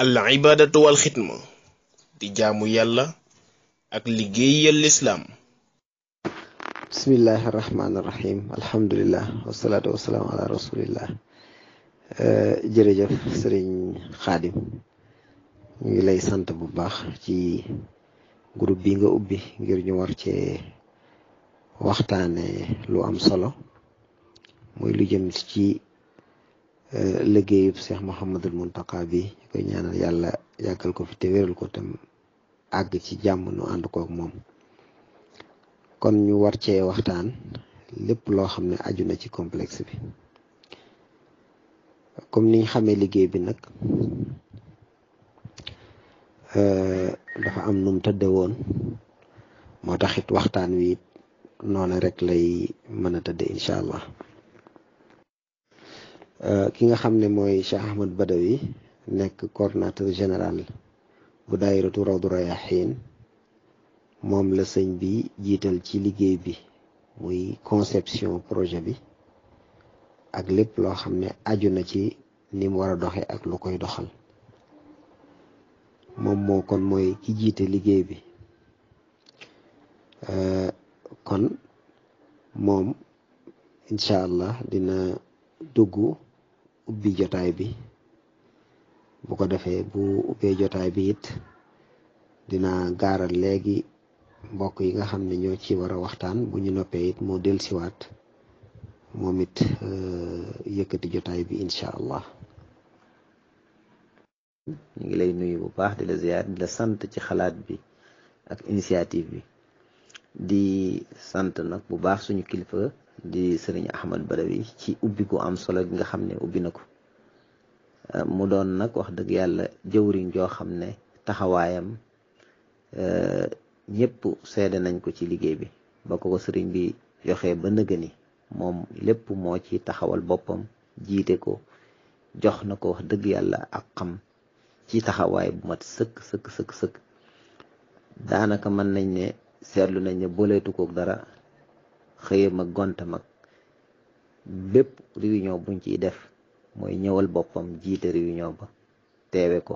al ibadatu wal xidma di jaamu yàlla ak liggéeyal lislaam bismillahi rahmaani alhamdulilah wasalaatu wasalaamu ala rasulillah eh, jërëjëf sëriñ xaadim ñu ngi lay sant bu baax ci groupe bi nga ubbi ngir ñu war cee waxtaane lu am solo muy lu jëm ci liggéeyub Cheikh Mouhamadul Mountakha bi koy ñaanal yàlla yàggal ko fi te wéral ko tam àgg ci jàmm nu ànd kook moom kon ñu war cee waxtaan lépp loo xam ne aju na ci complexe bi comme niñ xamee liggéey bi nag euh, dafa am num tëdde woon moo taxit waxtaan wi noona rek lay mën a tëdde incha allah Euh, ki nga xam ne mooy Cheikh Ahmad Badawi nekk coordonnateur général bu daayiratu Rawdu Rayaxiin moom la sëñ bi jiital ci liggéey bi muy conception projet bi ak lépp loo xam ne aju na ci ni mu war a doxe ak lu koy doxal moom moo kon mooy ki jiite liggéey bi euh, kon moom incha allah dina dugg ubbi jotaay bi bu ko defee bu ubbee jotaay bi it dina gaaral léegi mbokk yi nga xam ne ñoo ci war a waxtaan bu ñu noppee it moo del siwaat moom it euh, yëkkati jotaay bi incha allah ngi lay nuyu bu baax di la sant ci xalaat bi ak initiative bi di sant nag bu baax suñu kilifa di sëriñ Ahmad Badawi ci ubbi gu am solo gi nga xam ne ubbi na ko mu doon nag wax dëgg yàlla jëwriñ joo xam ne taxawaayam eh, ñëpp seede nañ ko ci liggéey bi ba ko ko sëriñ bi joxe ba nëgë moom lépp moo ci taxawal boppam jiite ko jox na ko wax dëgg yàlla ak xam ci taxawaay bu mat sëkk sëkk sëkk sëkk daanaka mën nañ ne seetlu nañ ne booleetu kook dara xëyam ak gontam ak bépp réunion buñ ciy def mooy ñëwal boppam jiite réunion ba teewe ko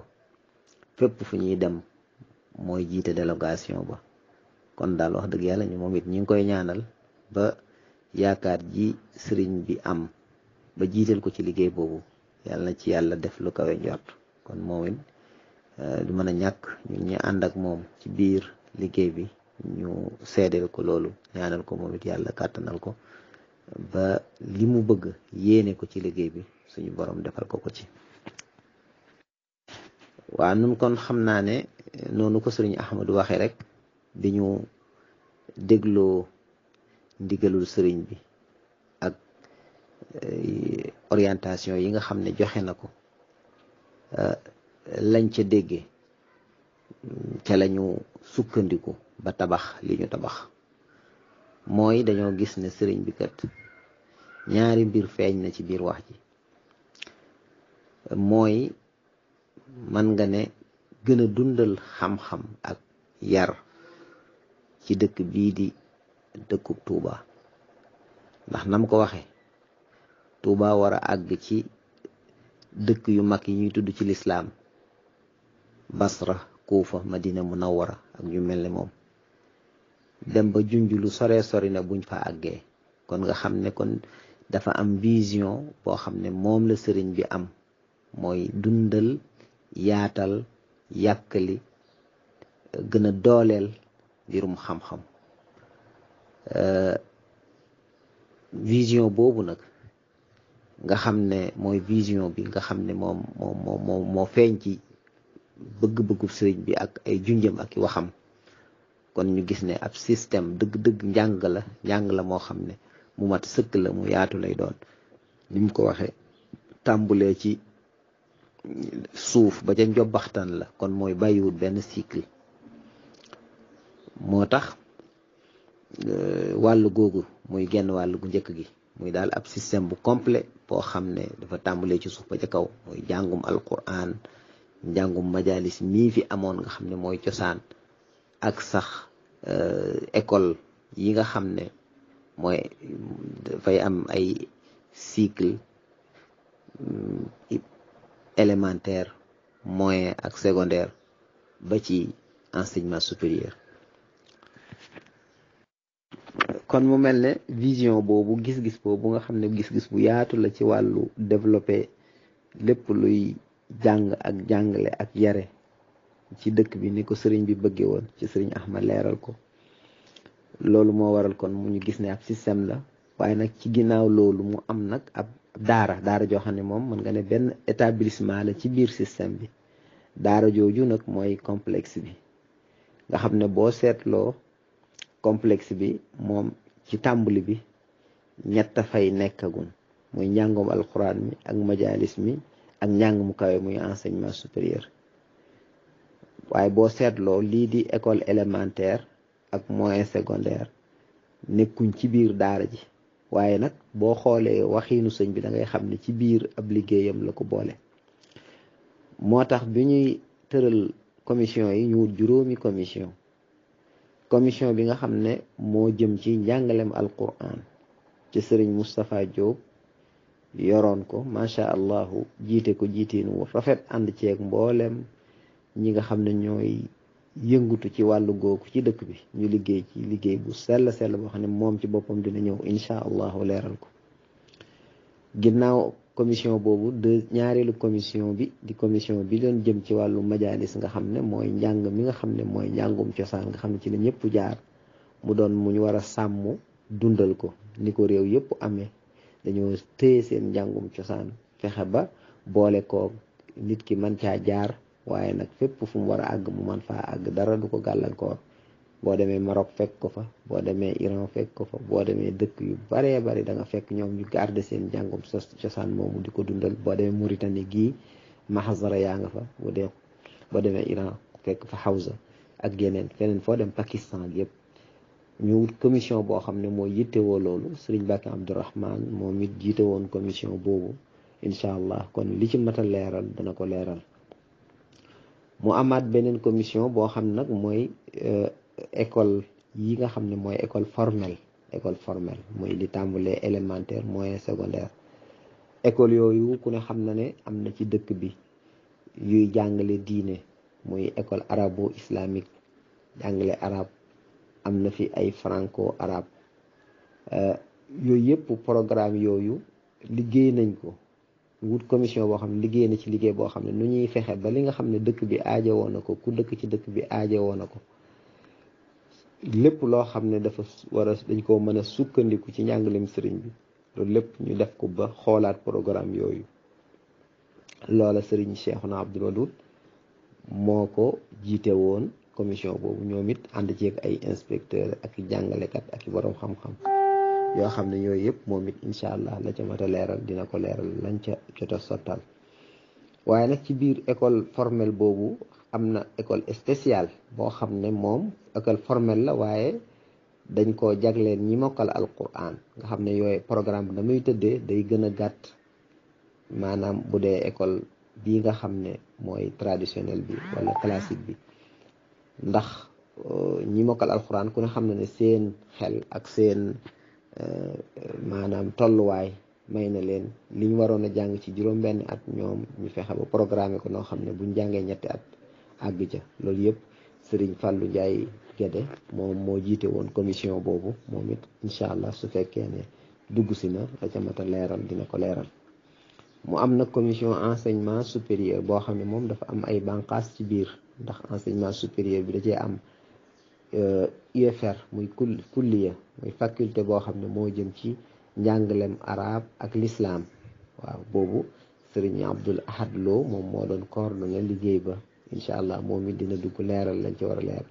fépp fu ñuy dem mooy jiite délégation ba kon daal wax dëgg yàlla ñu moom it ñu ngi koy ñaanal ba yaakaar ji sëriñ bi am ba jiital ko ci liggéey boobu yàlla na ci yàlla def lu kawe njort kon moom it euh, du mën a ñàkk ñun ànd ak moom ci biir liggéey bi ñu seedeel ko loolu ñaanal ko moom it yàlla kàttanal ko ba li mu bëgg yéene ko ci liggéey bi suñu borom defal ko ko ci waa nun kon xam naa ne noonu ko sëriñ Ahmadu waxee rek bi ñu dégloo ndigalul sëriñ bi ak eh, orientation yi nga xam ne joxe na ko eh, lañ ca déggee ca lañu sukkandiku ba tabax li ñu tabax mooy dañoo gis ne sëriñ bi kat ñaari mbir feeñ na ci biir wax ji mooy man nga ne gën a dundal xam-xam ak yar ci dëkk bii di dëkku tuuba ndax nam ko waxe Touba war a àgg ci dëkk yu mag yi ñuy tudd ci lislaam Basra Kuufa Madina Munawwara ak ñu mel ni moom dem ba junj lu soree sori na buñ fa àggee kon nga xam ne kon dafa am vision boo xam ne moom la sëriñ bi am mooy dundal yaatal yàkkali gën a dooleel mbirum xam-xam euh, vision boobu nag nga xam ne mooy vision bi nga xam ne moom moo moo moo feeñ ci bëgg-bëggu sëriñ bi ak ay junjam ak i waxam kon ñu gis ne ab système dëgg-dëgg njàng la njàng la moo xam ne mu mat sëkk la mu yaatu lay doon nim ko waxee tàmbulee ci suuf ba ca njobbaxtan la kon mooy bàyyiwut benn cycle moo tax euh, wàll googu mooy genn wàll gu njëkk gi muy daal ab système bu complet boo xam ne dafa tàmbulee ci suuf ba ca kaw mooy njàngum alquran njàngum majalis mii fi amoon nga xam ne mooy cosaan ak sax Euh, école yi nga xam ne mooy fay am ay cycle élémentaire moyen ak secondaire ba ci enseignement supérieur kon mu mel ne vision boobu gis-gis boobu nga xam ne gis-gis bu yaatu la ci wàllu développer lépp luy jàng ak jàngale ak yare ci dëkk bi ni ko sëriñ bi bëggee woon ci sëriñ Ahmad leeral ko loolu moo waral kon mu ñu gis ne ab système la waaye nag ci ginnaaw loolu mu am nag ab daara daara joo xam ne moom mën nga ne benn établissement la ci biir système bi daara jooju nag mooy complexe bi nga xam ne boo seetloo complexe bi moom ci tàmbali bi ñett fay nekkagun muy njàngoom alxuraan mi ak majalis mi ak njàng mu kawe muy enseignement supérieur waaye boo seetloo lii di école élémentaire ak moyen secondaire nekkuñ ci biir daara ji waaye nag boo xoolee waxiinu sëñ bi da ngay xam ne ci biir ab liggéeyam la ko boole moo tax bi ñuy tëral commission yi ñu wut juróomi commission commission bi nga xam ne moo jëm ci njàngalem alquran ci sëriñ Moustapha Diop yoroon ko macha allahu jiite ko jiitiin wu rafet ànd ceeg mbooleem ñi nga xam ne ñooy yëngutu ci wàllu googu ci dëkk bi ñu liggéey ci liggéey bu sell sell boo xam ne moom ci boppam dina ñëw incha allahu leeral ko ginnaaw commission boobu de ñaareelu commision bi di commission bi doon jëm ci wàllu majalis nga xam ne mooy njàng mi nga xam ne mooy njàngum cosaan nga xam ne ci la ñëpp jaar mu doon mu ñu war a sàmm dundal ko ni ko réew yëpp amee dañoo téye seen njàngum cosaan fexe ba boole ko nit ki man caa jaar waaye nag fépp fu mu war a àgg mu man faa àgg dara du ko gàllankoor boo demee Maroc fekk ko fa boo demee Iran fekk ko fa boo demee dëkk yu baree bari da nga fekk ñoom ñu garder seen jàngum sos cosaan moomu di ko dundal boo demee Mauritanie gii mahazara yaa nga fa bu dee boo demee Iran fekk fa hawza ak yeneen feneen foo dem Pakistan yëpp ñu wut commission boo xam ne mooy yittewoo loolu Sëriñ Bàkke Abdourahman moo it jiite woon commission boobu incha allah kon li ci mat a leeral dana ko leeral mu amaat beneen commission boo xam nag mooy euh, école yi nga xam ne mooy école formelle école formelle mooy li tàmbalee élémentaire moyen secondaire école yooyu ku ne xam na ne am na ci dëkk bi yuy jàngale diine muy école arabo islamique jàngale arab am na fi ay franco arabe euh, yooyu yëpp programme yooyu liggéey nañ ko wut commission boo xam ne liggéey na ci liggéey boo xam ne nu ñuy fexe ba li nga xam ne dëkk bi woon na ko ku dëkk ci dëkk bi aje woon a ko lépp loo xam ne dafa war a dañ koo mën a sukkandiku ci njàngalim sëriñ bi loolu lépp ñu def ko ba xoolaat programme yooyu loola sëriñ Cheikhouna Abdoul Wadoud moo ko jiite woon commission boobu ñoom it ànd ceeg ay inspecteur ak i jàngalekat ak i boroom xam-xam yoo xam ne yooyu yëpp moom it incha allah la ca mat a leeral dina ko leeral lañ ca jot a waaye nag ci biir école formelle boobu am na école spéciale boo xam ne moom école formel la waaye dañ ko jagleen ñi mokkal alquran nga xam ne yooyu programme bi damuy tëddee day gën a gàtt maanaam bu dee école bii nga xam ne mooy traditionnel bi wala classique bi ndax euh, ñi mokkal alquran ku ne xam ne seen xel ak seen maanaam tolluwaay may na leen liñ waroon a jàng ci juróom-benn at ñoom ñu fexe ba programme ko noo xam ne buñ jàngee ñetti at àgg ca loolu yëpp Serigne Fallou Ndiaye Guédé moom moo jiite woon commission boobu moom it incha allah su fekkee ne dugg si na la ca leeral dina ko leeral mu am na commission enseignement supérieur boo xam ne moom dafa am ay bànqaas ci biir ndax enseignement supérieur bi da cee am UFR euh, muy kulliya muy faculté boo xam ne moo jëm ci njàngalem arab ak lislaam waaw boobu sëriñ Abdul Ahad Lo moom moo doon koor coordonné liggéey ba incha allah moom it dina dugg leeral lañ ci war a leeral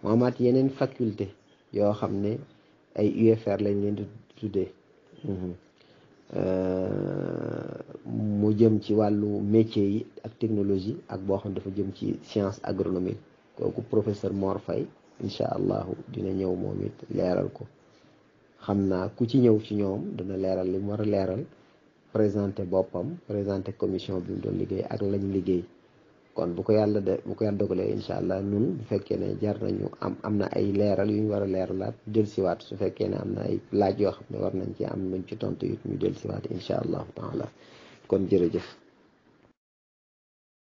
mu amaat yeneen faculté yoo xam ne ay UFR lañ leen di tuddee mhm. euh, mu jëm ci wàllu métier yi ak technologie ak boo xam dafa jëm ci science agronomie kooku professeur Mor incha allahu dina ñëw moom it leeral ko xam naa ku ci ñëw ci ñoom dana leeral li mu war a leeral présenté boppam présenté commission bi mu doon liggéey ak lañ liggéey kon bu ko yàlla de bu ko yàlla dogalee incha allah ñun bu fekkee ne jar nañu am am na ay leeral yu ñu war a leeralaat del siwaat su fekkee ne am na ay laaj yoo xam ne war nañ ci am nañ ci tontu it ñu del siwaat incha allahu taala kon jërëjëf